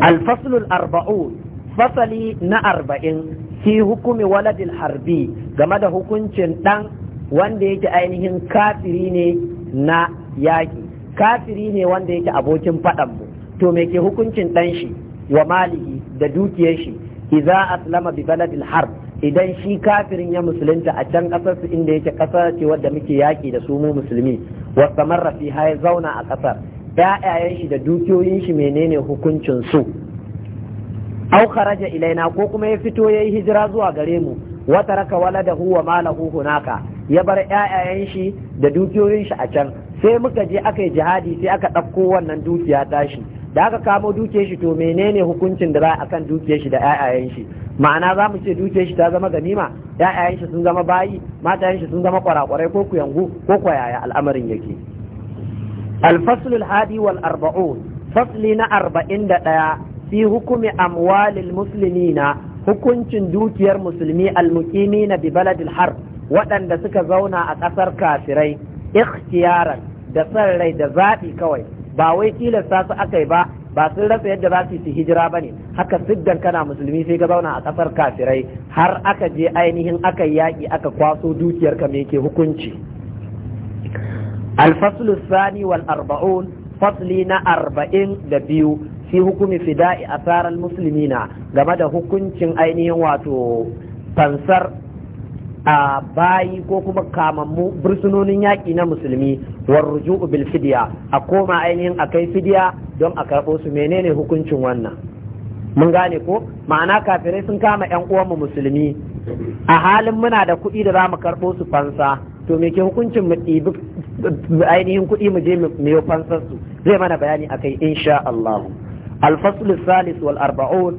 alfaslul arba'un fasali na arba'in fi hukumi waladil harbi game da hukuncin ɗan wanda yake ainihin kafiri ne na yaƙi kafiri ne wanda yake abokin faɗanmu to me ke hukuncin ɗan shi wa malihi da dukiyar shi idza aslama bi baladil harb idan shi kafirin ya musulunta a can kasar su inda yake kasa ce wadda muke yaki da su mu musulmi wa samarra fi ya zauna a kasar ƴaƴayen shi da dukiyoyin shi menene hukuncin su au kharaja ilaina ko kuma ya fito yayi hijira zuwa gare mu wa taraka waladahu wa malahu hunaka ya bar ƴaƴayen shi da dukiyoyin shi a can sai muka je aka jihadi sai aka ɗauko wannan dukiya tashi da aka kamo dukiyar shi to menene hukuncin da za a kan dukiyar da 'ya'yanshi? ma'ana za mu ce dukiyar ta zama gamima? ƴaƴayen shi sun zama bayi matayen sun zama kwarakwarai ko kuyangu ko kwayaya al'amarin yake al-fasl al-hadi wal arba'un fasli na ɗaya fi hukumi amwalil muslimina hukuncin dukiyar musulmi al-muqimina bi baladil harb waɗanda suka zauna a ƙasar kafirai ikhtiyaran da san rai da zaɓi kawai ba wai tilasta su aka yi ba ba sun rasa yadda za su yi hijira ba ne haka siddan kana musulmi sai ka zauna a ƙasar kafirai har aka je ainihin aka yaƙi aka kwaso dukiyar ka me ke hukunci alfaslu sani wal arba'un fasli na arba'in da biyu fi hukumi fida'i asarar musulmina game da hukuncin ainihin wato fansar a bayi ko kuma kamammu bursunonin yaƙi na musulmi war ruju'u bil fidiya a koma ainihin a kai fidiya don a karɓo su menene hukuncin wannan mun gane ko ma'ana kafirai sun kama yan uwanmu musulmi a halin muna da kuɗi da za mu karɓo su fansa to me ke hukuncin mu ɗibi ainihin kuɗi mu je mu yi fansar su zai mana bayani akai insha Allah al-fasl salis wal arba'un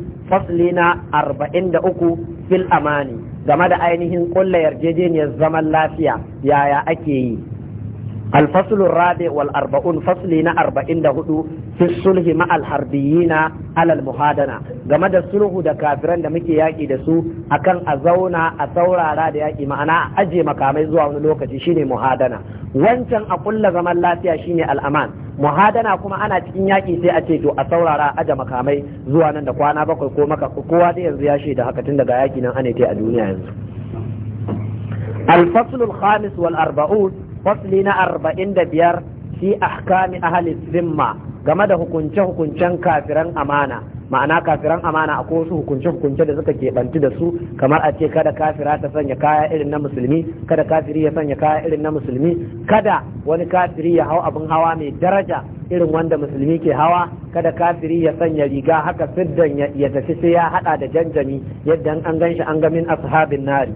na arba'in da uku fil amani game da ainihin ƙulla yarjejeniyar zaman lafiya yaya ake yi الفصل الرابع والأربعون فصلنا أربعين دهدو في الصلح مع الحربيين على المهادنة game da sulhu da kafiran da muke yaƙi da su akan a zauna a saurara da yaƙi ma'ana aje makamai zuwa wani lokaci shine muhadana wancan a kulla zaman lafiya shine al'aman muhadana kuma ana cikin yaƙi sai a ce to a saurara aje makamai zuwa nan da kwana bakwai ko kowa da yanzu ya shaida haka tun daga yaƙi nan ane ta a duniya yanzu al-fasl al-khamis wal arba'un fasli na arba'in da biyar fi ahkami ahli zimma game da hukunce-hukuncen kafiran amana ma'ana kafiran amana akwai wasu hukunce-hukunce da suka keɓanci da su kamar a ce kada kafira ta sanya kaya irin na musulmi kada kafiri ya sanya kaya irin na musulmi kada wani kafiri ya hau abin hawa mai daraja irin wanda musulmi ke hawa kada kafiri ya sanya riga haka siddan ya tafi sai ya hada da janjami yadda an ganshi an ga min ashabin nari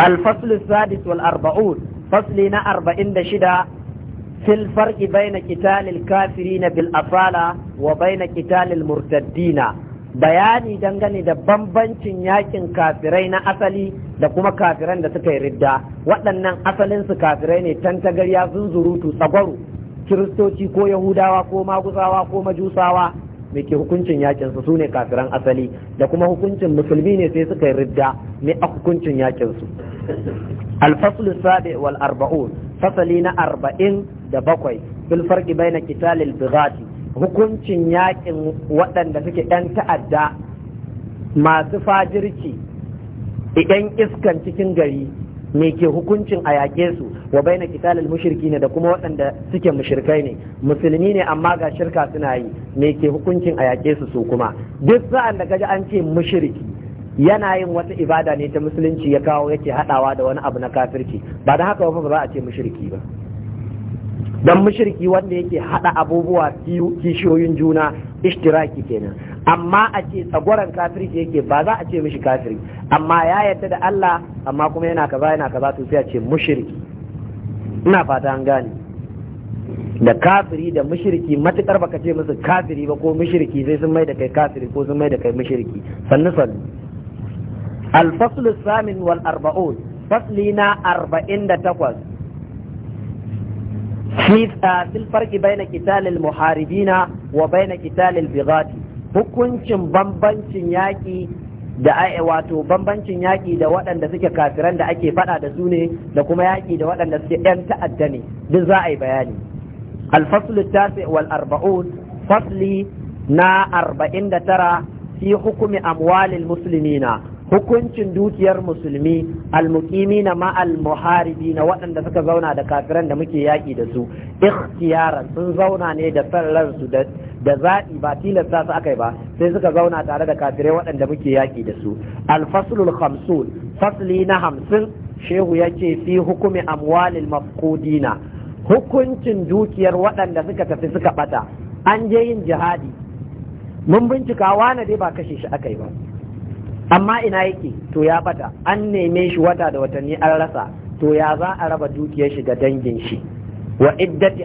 الفصل السادس والأربعون فصلنا أربعين دشدا في الفرق بين قتال الكافرين بالأصالة وبين قتال المرتدين bayani dangane da bambancin yakin kafirai na asali da kuma kafiran da suka yi ridda waɗannan asalinsu kafirai ne garya zunzurutu tsagwaro kiristoci ko yahudawa ko maguzawa ko majusawa Mai ke hukuncin yakin su sune kafiran asali da kuma hukuncin musulmi ne sai suka yi ridda mai a hukuncin yakin su al-fasl sabi wal arba'un fasali na arba'in da bakwai fil farqi baina qitalil bighati hukuncin yakin waɗanda suke ɗan ta'adda masu fajirci idan iskan cikin gari me ke hukuncin a yaƙe su wa baina kitalil mushriki ne da kuma waɗanda suke mushrikai ne musulmi ne amma ga shirka suna yi me ke hukuncin a yaƙe su su kuma duk sa'an da gaji an ce mushriki yana yin wata ibada ne ta musulunci ya kawo yake haɗawa da wani abu na kafirci ba da haka ba za a ce mushriki ba Don mushriki wanda yake haɗa abubuwa kishiyoyin juna ishtiraki kenan amma a ce tsagwaran kafirci yake ba za a ce mishi kafiri amma ya yarda da Allah amma kuma yana kaza yana kaza to sai a ce mushriki ina fata an gane da kafiri da mushriki matukar baka ce musu kafiri ba ko mushriki sai sun mai da kai kafiri ko sun mai da kai mushriki sannu sannu al-faslu samin wal arba'un fasli na arba'in da takwas fi fil farqi baina qitalil muharibina wa baina qitalil hukuncin bambancin yaƙi da wato bambancin yaƙi da waɗanda suke kafiran da ake faɗa da su ne da kuma yaƙi da waɗanda suke ‘yan ta'adda ne duk za a yi bayani alfaslu tasi wal arba'un fasli na arba'in da tara fi hukumi amwalil musulmina hukuncin dukiyar musulmi almuqimi na ma'al muharibi na waɗanda suka zauna da kafiran da muke yaƙi da su ikhtiyaran sun zauna ne da san su da zaɓi ba tilasta su akai ba sai suka zauna tare da kafirai waɗanda muke yaƙi da su alfaslul khamsun fasli na hamsin shehu ya ce fi hukumi amwalil mafqudina hukuncin dukiyar waɗanda suka tafi suka ɓata an je yin jihadi mun bincika wane dai ba kashe shi akai ba amma ina yake to ya bata an neme shi wata da watanni an rasa to ya za a raba dukiyar shi ga dangin shi wa iddati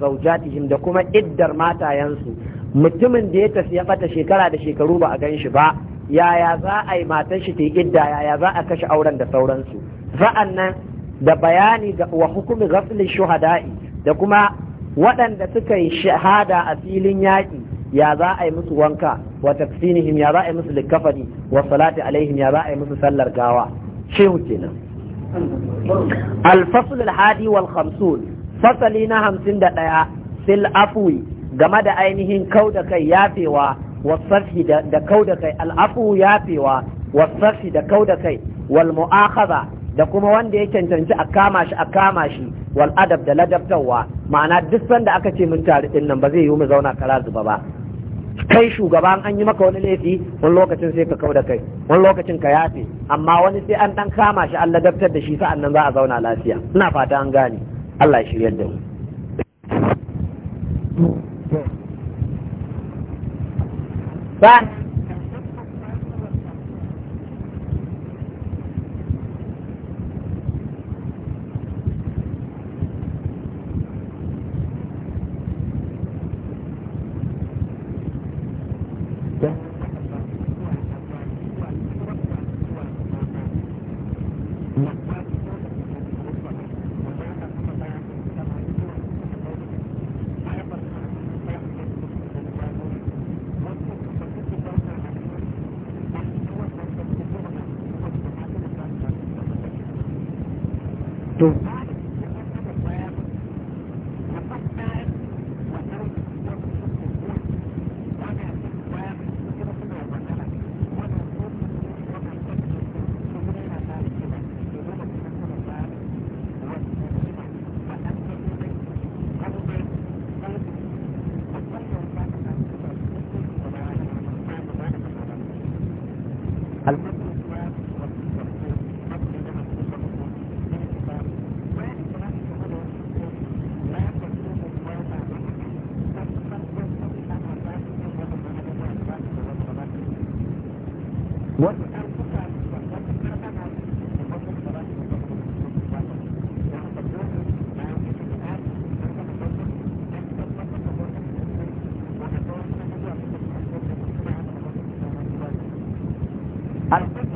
zaujatihim da kuma iddar matayensu mutumin da ya tafi ya bata shekara da shekaru ba a gan shi ba yaya za a yi matan shi ta idda yaya za a kashe auren da sauransu nan da bayani wa hukumi ghafli shuhada'i da kuma waɗanda suka yi shahada a filin yaƙi ya za a yi musu wanka wa taksinihim ya za a yi musu likafani wa salati alaihim ya za a yi musu sallar gawa shehu kenan al hadi wal khamsun fasali na hamsin da ɗaya fil afwi game da ainihin kau da kai yafewa wasafi da kau da kai al'afu yafewa wasafi da kau da kai wal mu'akhadha da kuma wanda ya cancanci a kama shi a kama shi wal da ladabtarwa ma'ana duk sanda aka ce mun tare ba zai yi mu zauna kara zuba ba kai shugaba an yi maka wani laifi wani lokacin sai ka kau da kai wani lokacin ka yafe amma wani sai an dan kama shi an ladabtar da shi sa'an nan za a zauna lafiya ina fata an gane Allah ya shiryar da mu ba and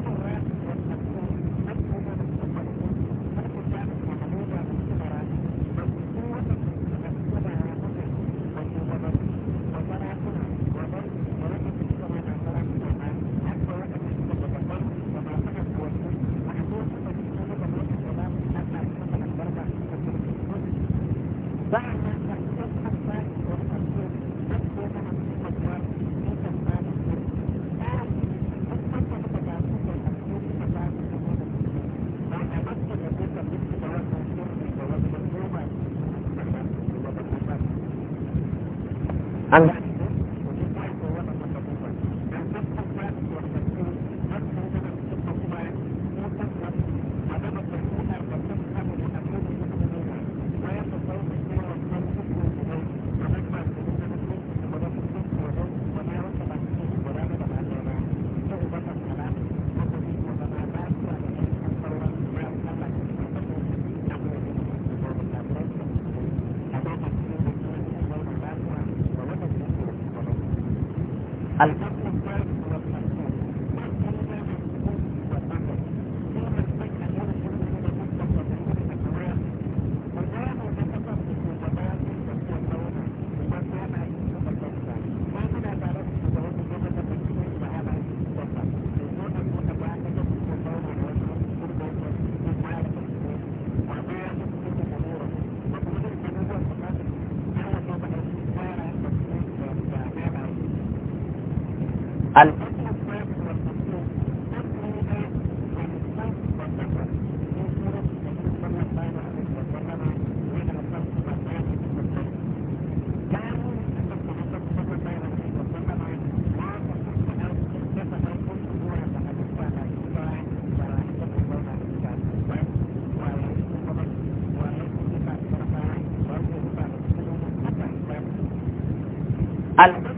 al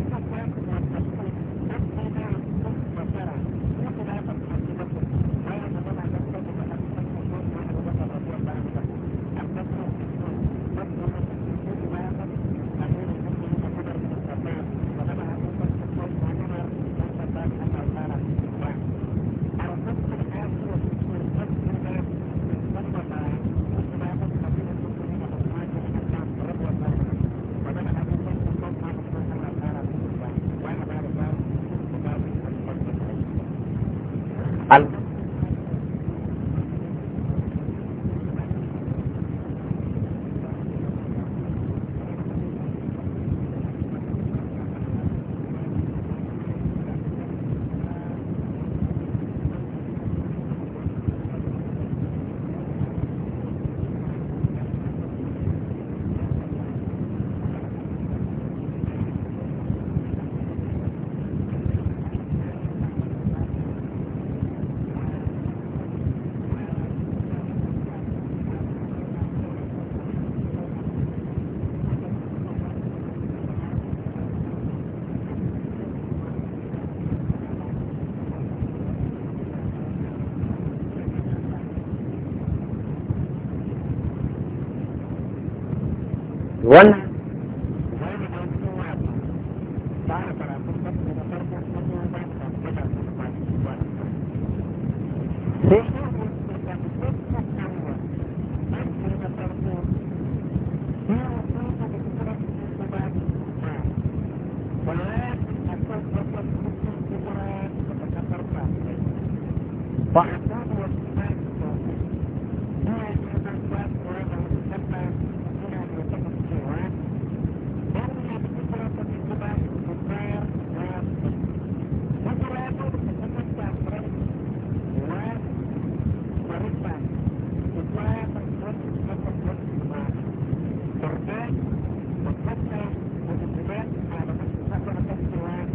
one والترفيه والتسلية والانتباه على مدرسة المسألة التسلية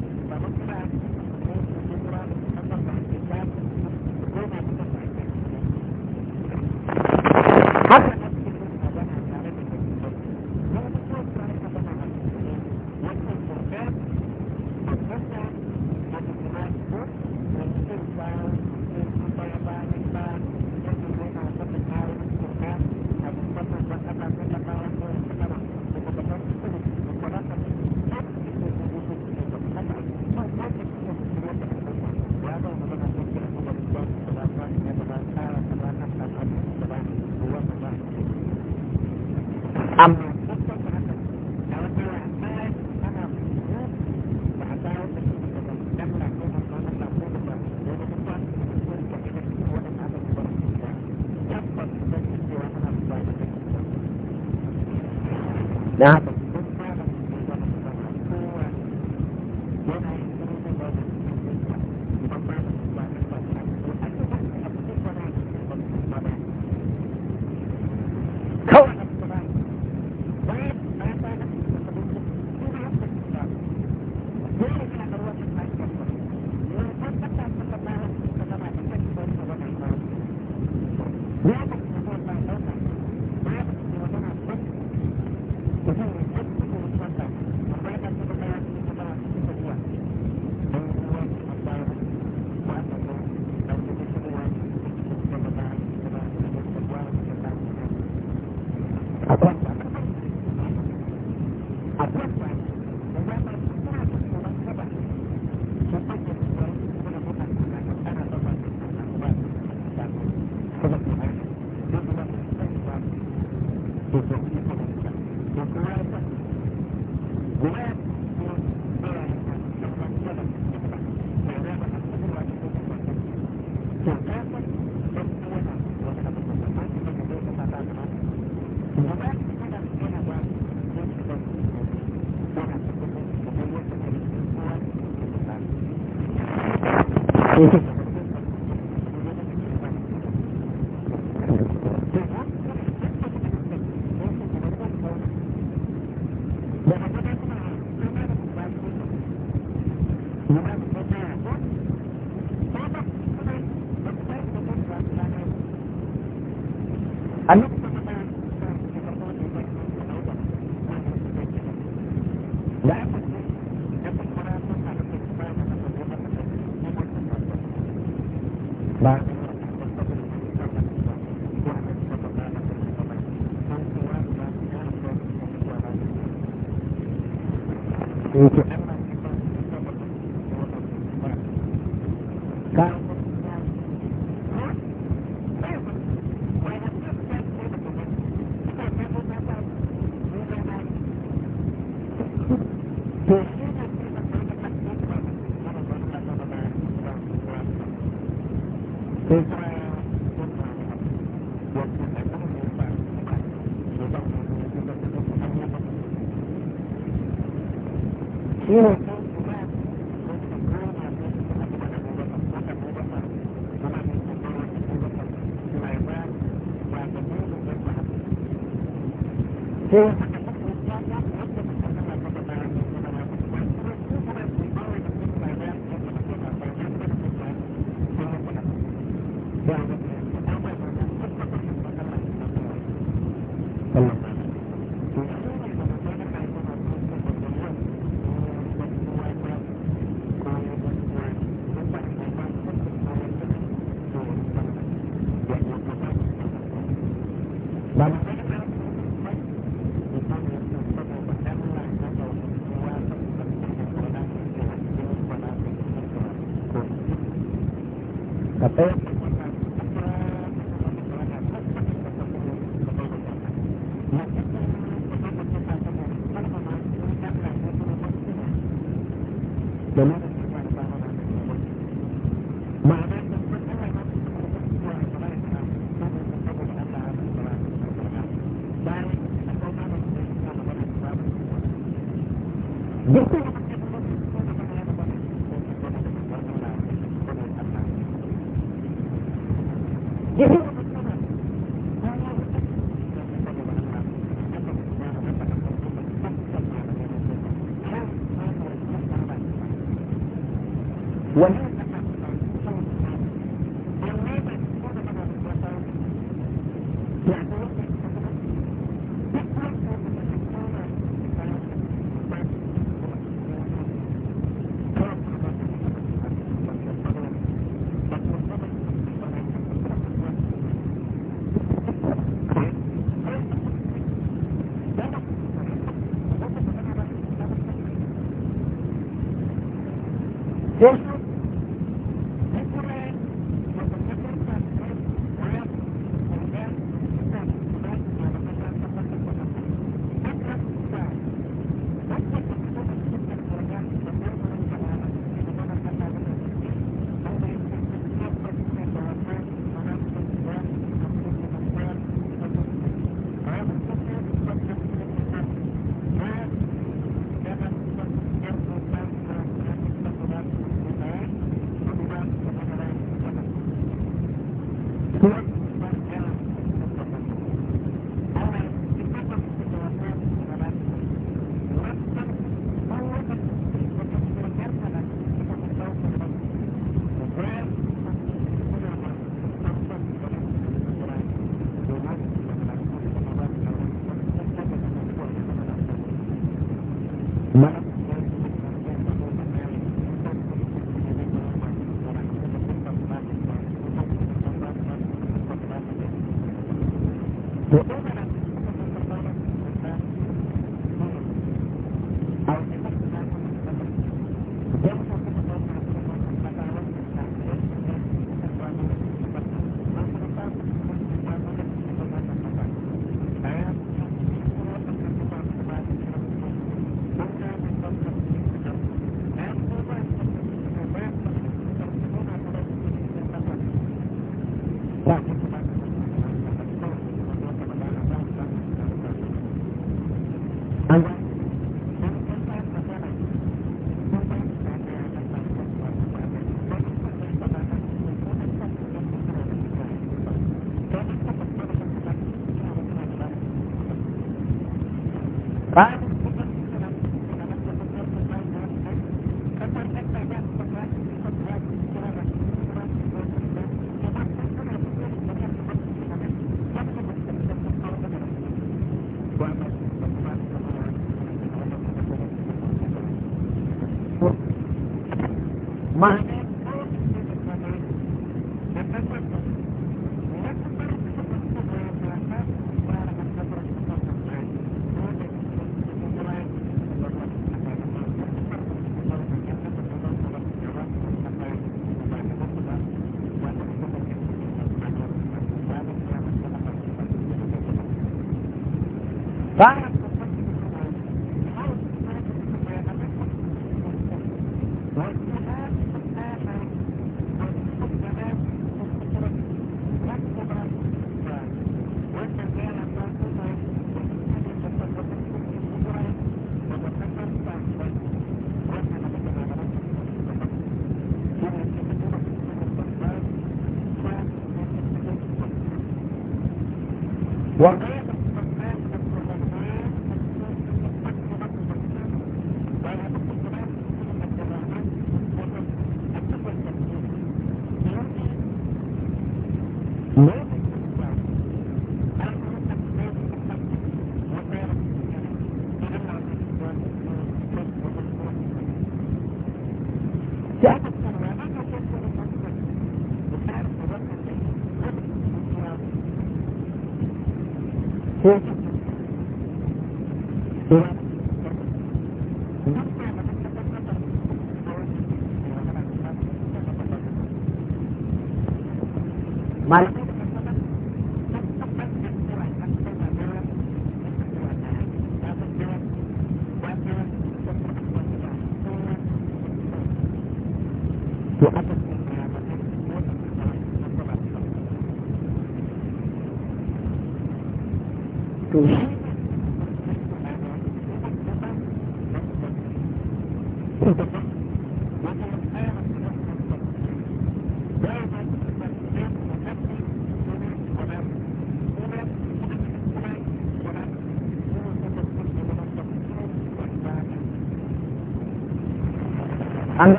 ka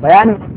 bayanin